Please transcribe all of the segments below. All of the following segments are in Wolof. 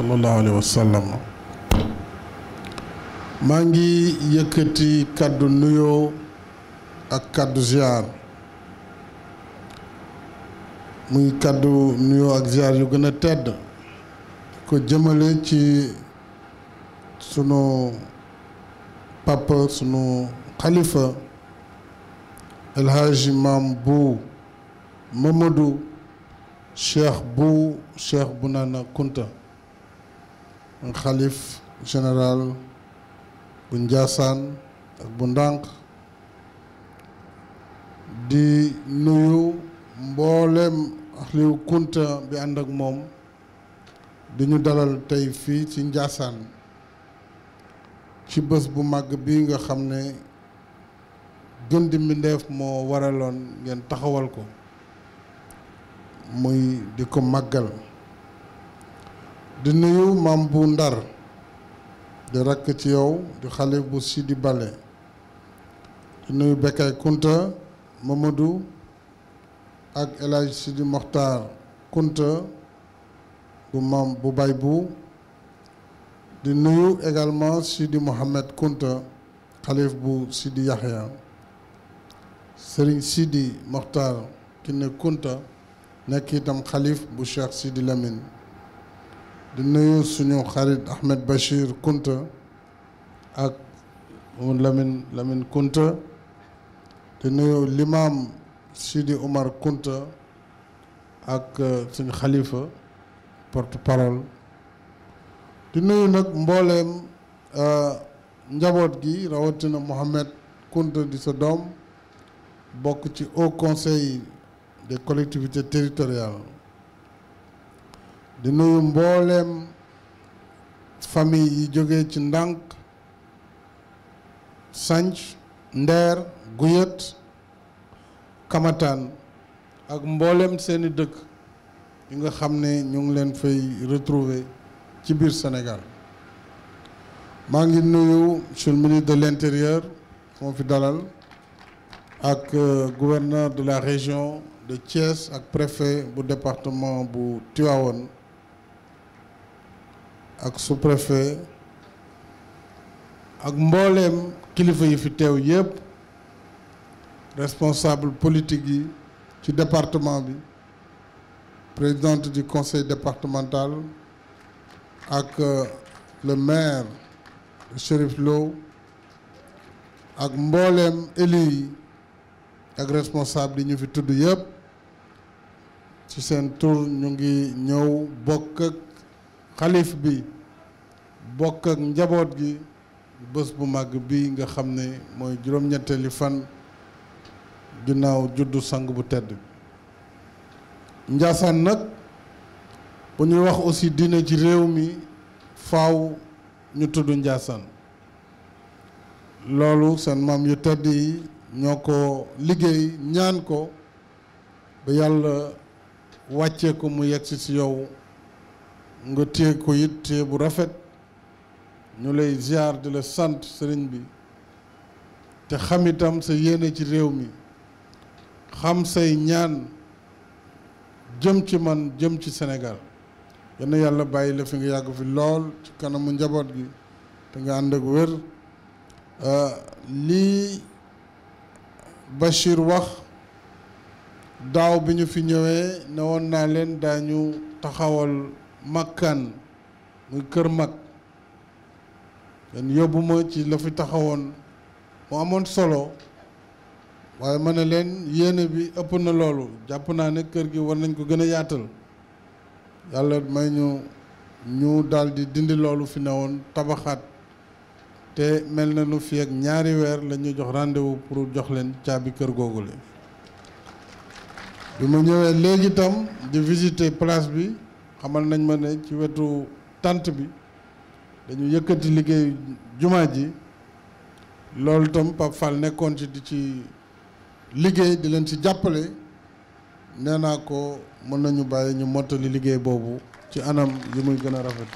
sallallahu alayhi maa ngi yëkkati kàddu nuyoo ak kàddu ziar muy kàddu nuyoo ak ziar yu gën a tedd ko jëmale ci sunu papa sunu xalifa El Hadji Maam bu Mamadou Cheikh bu Cheikh Bounana Kounta xalif général bu Njaasaan ak bu Ndànk di nuyu mboolem axliw kunta bi ànd ak moom di ñu dalal tey fii ci Njaasaan ci bés bu màgg bi nga xam ne gën di mbindeef moo waraloon ngeen taxawal ko muy di ko màggal di nuyu maam bu ndar di rakk ci yow di xale bu Sidi Bale di nuyu Bekay Kunta Mamadou ak El Hadj Sidi Mokhtar Kunta bu maam bu bay bu di nuyu également Sidi Mohamed Kunta xalif bu Sidi Yaxya Serigne Sidi Mokhtar ki ne Kunta nekk itam xalif bu Cheikh Sidi Lamine di nuyu suñu xarit Ahmed Bachir Kounta ak Lamine Lamine Kounta di nuyu l'imam Sidi Omar Kounta ak euh, suñu xalifa porte-parole di nuyu nag mbooleem euh, njaboot gi rawatina Mohamed Kounta di sa doom bokk ci Haut Conseil des collectivité territorial di nuyu mbooleem famille yi jóge ci ndànk sanc ndeer guyët kamataan ak mbooleem seeni dëkk yi nga xam ne ñu ngi leen fay retrouver ci biir Sénégal maa ngi nuyu monsieur le ministre de l'intérieur moo fi dalal ak euh, gouverneur de la région de Thiès ak préfet bu département bu Tivaouane ak sous-préfet ak mbooleem kilifa yi fi teew yépp responsable politique yi ci département bi présidente du conseil départemental ak euh, le maire Chérif Lo ak mbooleem élu yi ak responsable yi ñu fi tudd yépp ci seen tour ñu ngi ñëw bokk xalif bi bokk ak njaboot gi bés bu màgg bi nga xam ne mooy juróom-ñetteeli fan ginnaaw juddu sang bu tedd Njaasaan nag bu ñuy wax aussi diine ci réew mi faw ñu tudd Njaasaan loolu seen maam yu tedd yi ñoo ko liggéey ñaan ko ba yàlla wàccee ko mu ci si yow nga téye ko it téye bu rafet ñu lay ziar di la sant sëriñ bi te xam itam sa yéene ci réew mi xam say ñaan jëm ci man jëm ci Sénégal yenn yàlla bàyyi la fi nga yàgg fi lool ci kanamu njaboot gi te nga ànd ak wér euh, lii Bachir wax daaw bi ñu fi ñëwee ne woon naa leen daañu taxawal makkaan muy kër mag kenn yóbbu ma ci la fi taxawoon mu amoon solo waaye ma ne leen yéene bi ëpp na loolu jàpp naa ne kër gi war nañ ko gën a yaatal yàlla may ñu ñu daldi di dindi loolu fi ne woon tabaxaat te mel na nu fi ak ñaari weer la jox rendez-vous pour jox leen caabi kër googu la bi ma ñëwee léegi itam di visiter place bi. xamal nañ ma ne ci wetu tànt bi dañu yëkkati liggéey jumaa ji loolu itam Pape nekkoon ci di ci liggéey di leen ci jàppale nee naa ko mën nañu bàyyi ñu mottali liggéey boobu ci anam yi muy gën a rafet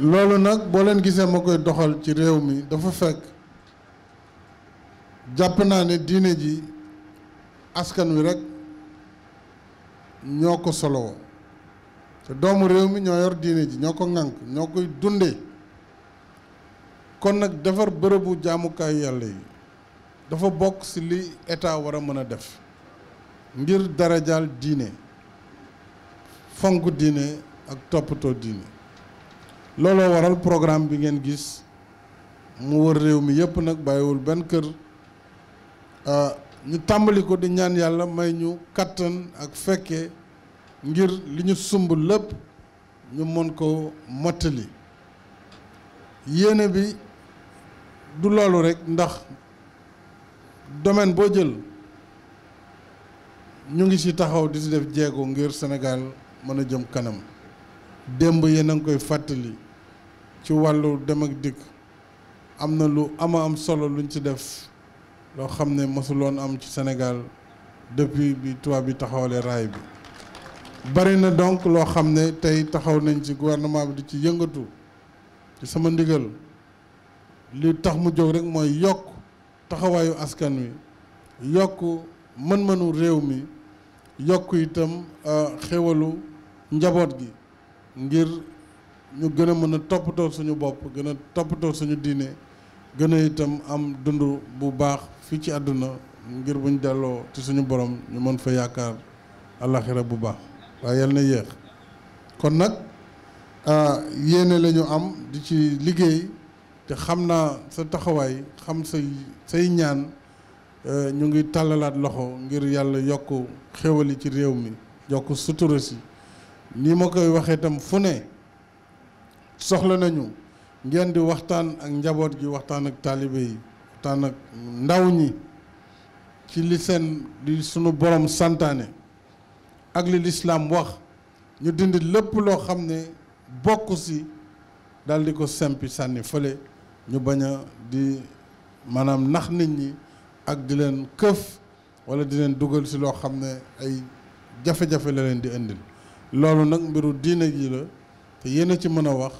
loolu nag boo leen gisee ma koy doxal ci réew mi dafa fekk jàpp naa ne diine ji askan wi rekk ñoo ko solowoo te doomu réew mi ñoo yor diine ji ñoo ko ŋànk ñoo koy dundee kon nag defar bërëbu jaamukaay yàlla yi dafa bokk ci li état war a mën a def ngir darajaal diine fonk diine ak toppatoo diine looloo waral programme bi ngeen gis mu wër réew mi yépp nag bàyyiwul benn kër ah, ñu tàmbali ko di ñaan yàlla may ñu kattan ak fekke ngir li ñu sumb lépp ñu mën ko mottali yéene bi du loolu rek ndax domaine boo jël ñu ngi ci taxaw di ci def jéego ngir senegal mën a jëm kanam démb yéen a ngi koy fàttali ci wàllu dem ak dikk am na lu ama am solo luñ ci def loo xam ne mosuloon am ci senegal depuis bi tubaab bi taxawalee raay bi bari na donc loo xam ne tey taxaw nañ ci gouvernement bi di ci yëngatu ci sama ndigal li tax mu jóg rek mooy yokk taxawaayu askan wi yokk mën-mënu réew mi yokk itam euh, xéwalu njaboot gi ngir ñu gën a mën a toppatoo suñu bopp gën a toppatoo suñu diine gën a itam am dund bu baax fii ci àdduna ngir buñ delloo ci suñu borom ñu mën fa yaakaar alaxira bu baax waaye yal na yéex kon nag ah, yéene la ñu am di ci liggéey te xam naa sa taxawaay xam say say ñaan eh, ñu ngi tàllalaat loxo ngir yàlla yokk xéwali ci réew mi yokk sutura si ni ma koy waxee tam fu ne soxla nañu ngeen di waxtaan ak njaboot gi waxtaan ak taalibe yi waxtaan ak ndaw ñi ci li seen di sunu borom santaane ak li lislaam wax ñu dindi lépp loo xam ne bokk si dal ko sempi sànni fële ñu bañ a di maanaam nax nit ñi ak di leen këf wala di leen dugal si loo xam ne ay jafe-jafe la leen di indil loolu nag mbiru diine gi la te yéen a ci mën a wax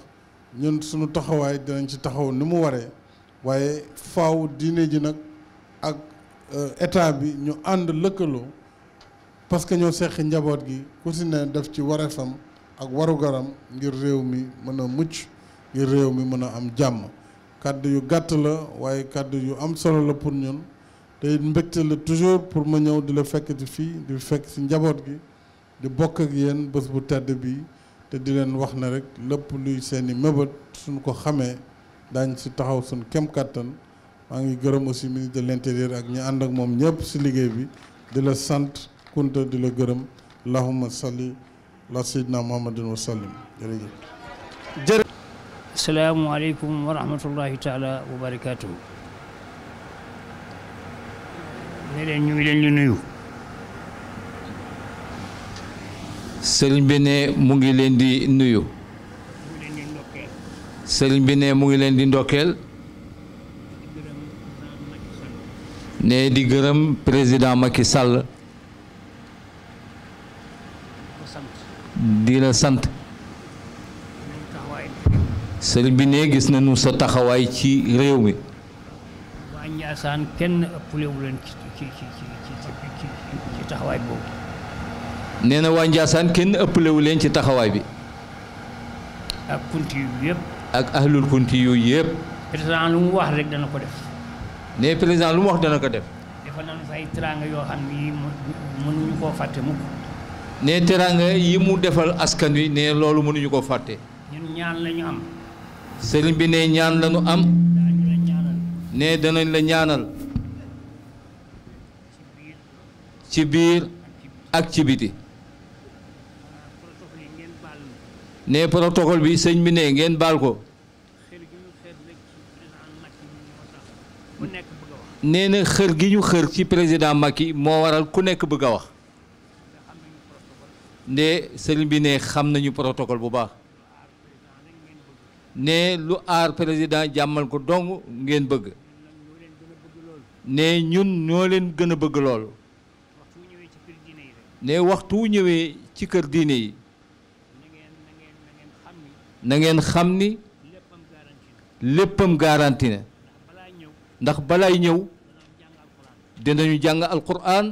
ñun suñu taxawaay dinañ ci taxaw ni mu waree waaye faw diine ji nag ak euh, état bi ñu ànd lëkkaloo parce que ñoo seq njaboot gi ku si ne def ci wareefam ak warugaram ngir réew mi mën a mucc ngir réew mi mën a am jàmm kàdd yu gàtt la waaye kàdd yu am solo la pour ñun te mbégte la toujours pour ma ñëw di la fekk ci fii di fekk ci njaboot gi di bokk ak yéen bés bu tedd bii te di leen wax na rek lëpp luy seeni mëbët suñ ko xamee daañ ci taxaw suñ kem kàttan maa ngi gërëm aussi ministre de l'intérieur ak ñi ànd ak moom ñëpp ci liggéey bi di la sant kunta di la gërëm allahumma salli la sayyidina muhammadin wa sallim jërëjëf jërë asalaamualeykum wa rahmatullahi taala wa barakatuhu ne leen ñu ngi leen nuyu sëriñ bi ne mu ngi leen di nuyu sëriñ bi ne mu ngi leen di ndokkeel ne di gërëm président Macky sàll di la sant sëriñ bi ne gis nañu sa taxawaay ci réew mi waa kenn ëpplewu leen nee na waa Ndiassane kenn ëppalewu leen ci taxawaay bi. ak kunti yu yëpp. ak ahlul kunti yooyu yëpp. président lu mu wax rek dana ko def. ne président lu mu wax dana ko def. defal yoo xam ne fàtte mukk. ne teraanga yi mu defal askan wi ne loolu mënuñu koo fàtte. ñun ñaan lañu am. sëriñ bi ne ñaan lañu am. ne danañ la ñaanal. ci biir ak ci biti. ne protocole bi sëñ bi ne ngeen baal ko nee na xër gi ñu xër ci président Macky moo waral ku nekk bëgg a wax nde sëriñ bi ne xam nañu protocole bu baax ne lu aar président jàmmal ko dong ngeen bëgg ne ñun ñoo leen gën a bëgg loolu ne waxtu ñëwee ci kër diine yi na ngeen xam ni léppam garanti ne ndax balay ñëw dinañu jàng alquran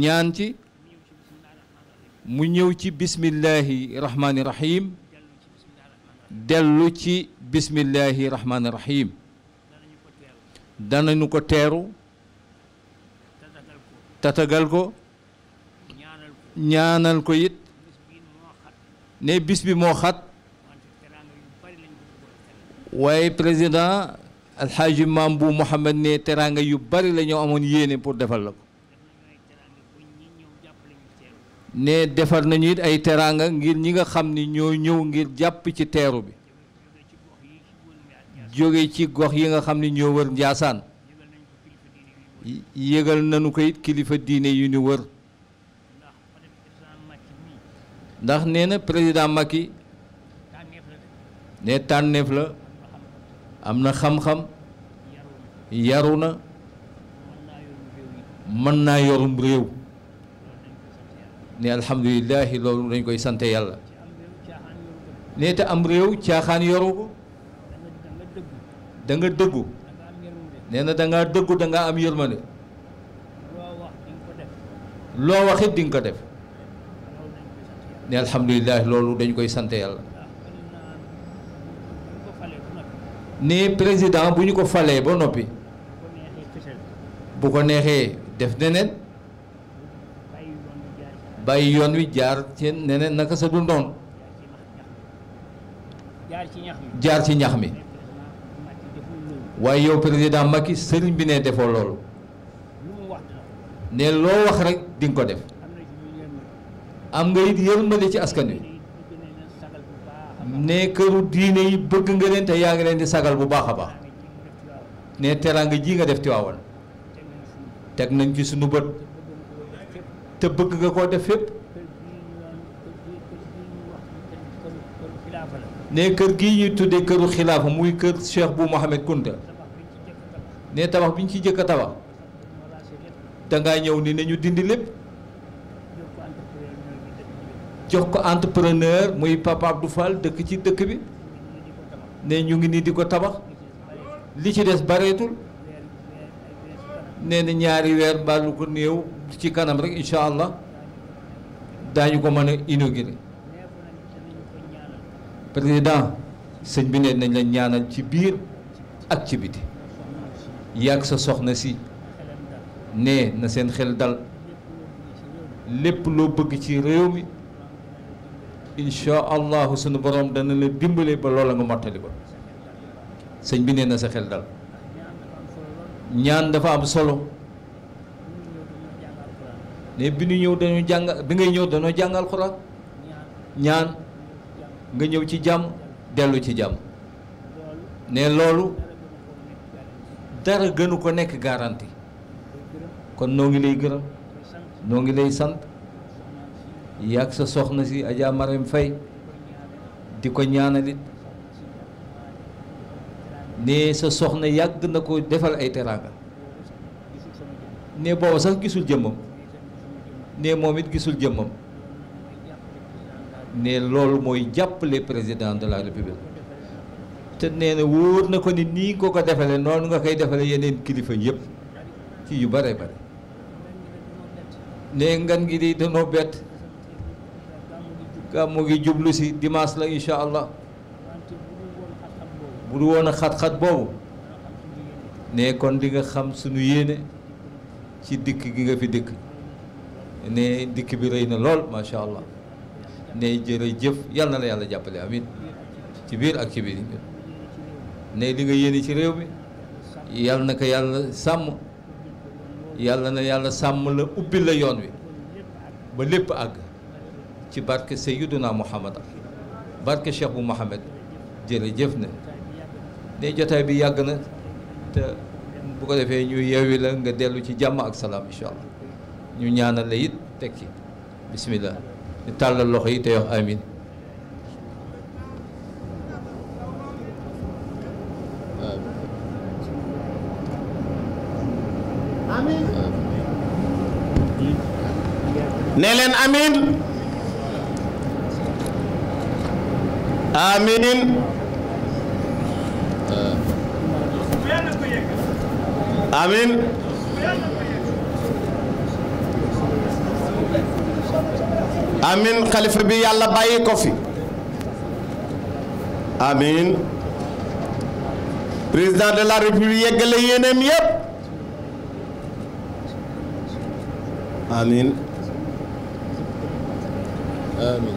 ñaan ci mu ñëw ci bismillahi rahmaani rahim dellu ci bismillahi rahmaani rahim danañu ko teeru tatagal ko ñaanal ko it ne bis bi moo xat waaye président alxaaji maam bu Mouhamed ne teraanga yu bari la amoon yéene pour defal la ko ne defar nañu it ay teraanga ngir ñi nga xam ni ñoo ñëw ngir jàpp ci teeru bi jóge ci gox yi nga xam ni ñoo wër Njaasaan yëgal nañu koy kilifa diine yu ñu wër ndax nee na président Macky ne tànneef la am na xam-xam yaru na mën naa yorum réew ne alhamdulilahi loolu dañ koy sante yàlla ne te am réew caaxaan yoru ko danga nga dëggu nee na da ngaa dëggu da ngaa am yërmande loo waxit dinga ko def ne alhamdulilahi loolu dañ koy sante yàlla ni président bu ñu ko falee ba noppi bu ko neexee def neneen bàyyi yoon wi jaar ci neneen naka sa dul noonu jaar ci ñax mi waaye yow président Macky sëriñ bi ne defoo loolu ne loo wax rek di ko def am nga it ci askan wi ne këru diine yi bëgg nga leen te yaa ngi leen di sagal bu baax a baax ne teraanga ji nga def Tiwaawan teg nañ ci suñu bët te bëgg nga koo def fépp ne kër gi ñuy tuddee këru xilaafa muy kër Cheikh bu Mohamed Kunta ne tabax bi ñu ci jëkk a tabax dangaa ñëw ni ñu dindi lépp jox ko entrepreneur muy Papa Abdou Fall dëkk ci dëkk bi ne ñu ngi nii di ko tabax li ci des bareetul nee na ñaari weer mbaa lu ko néew ci kanam rek incha allah daañu ko mën a inaugurer président sëñ bi ne nañ la ñaanal ci biir ak ci biti yàgg sa soxna si ne na seen xel dal lépp loo bëgg ci réew mi incha allahu sunu borom dana la dimbale ba loola nga mottali ko sëñ bi nee na sa xel dal ñaan dafa am solo ne bi ñu ñëw dañu jàng bi ngay ñëw dañoo jàng alxuraan ñaan nga ñëw ci jàmm dellu ci jàmm ne loolu dara gënu ko nekk garanti kon noo ngi lay gërëm noo ngi lay sant yàgg sa soxna si Adja Marème Faye di ko ñaanalit ne sa soxna yàgg na ko defal ay teraanga ne booba sax gisul jëmmam ne moom it gisul jëmmam ne loolu mooy jàppale président de la république te nee na wóor na ko ni nii nga ko defale noonu nga koy defale yeneen kilifa yépp ci yu bare bare ne ngan gi di danoo bett gàmmu gi jublu si dimaas la incha allah bu du woon xat-xat boobu ne kon di nga xam sunu yéene ci dikk gi nga fi dikk ne dikk bi rëy na lool macha allah ne jërëjëf yal na la yàlla jàppale amin ci biir ak ci biir ne li nga yéene ci réew mi yal na ko yàlla sàmm yàlla na yàlla sàmm la ubbi la yoon wi ba lépp àgg ci barke Seydouna Muhammad bark Cheikh bu Mohamed jërëjëf na ne jotaay bi yàgg na te bu ko defee ñu yeewi la nga dellu ci jàmm ak salaam incha allah ñu ñaanal la it tekki bismillah ñu tàllal loxo yi te wax amin ne amin amiin amiin amiin xalifa bi yàlla bàyyi ko fi amiin président de la république yeggale yéeneem yépp amiin amiin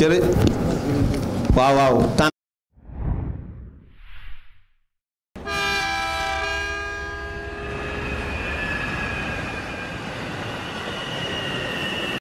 télé waaw waaw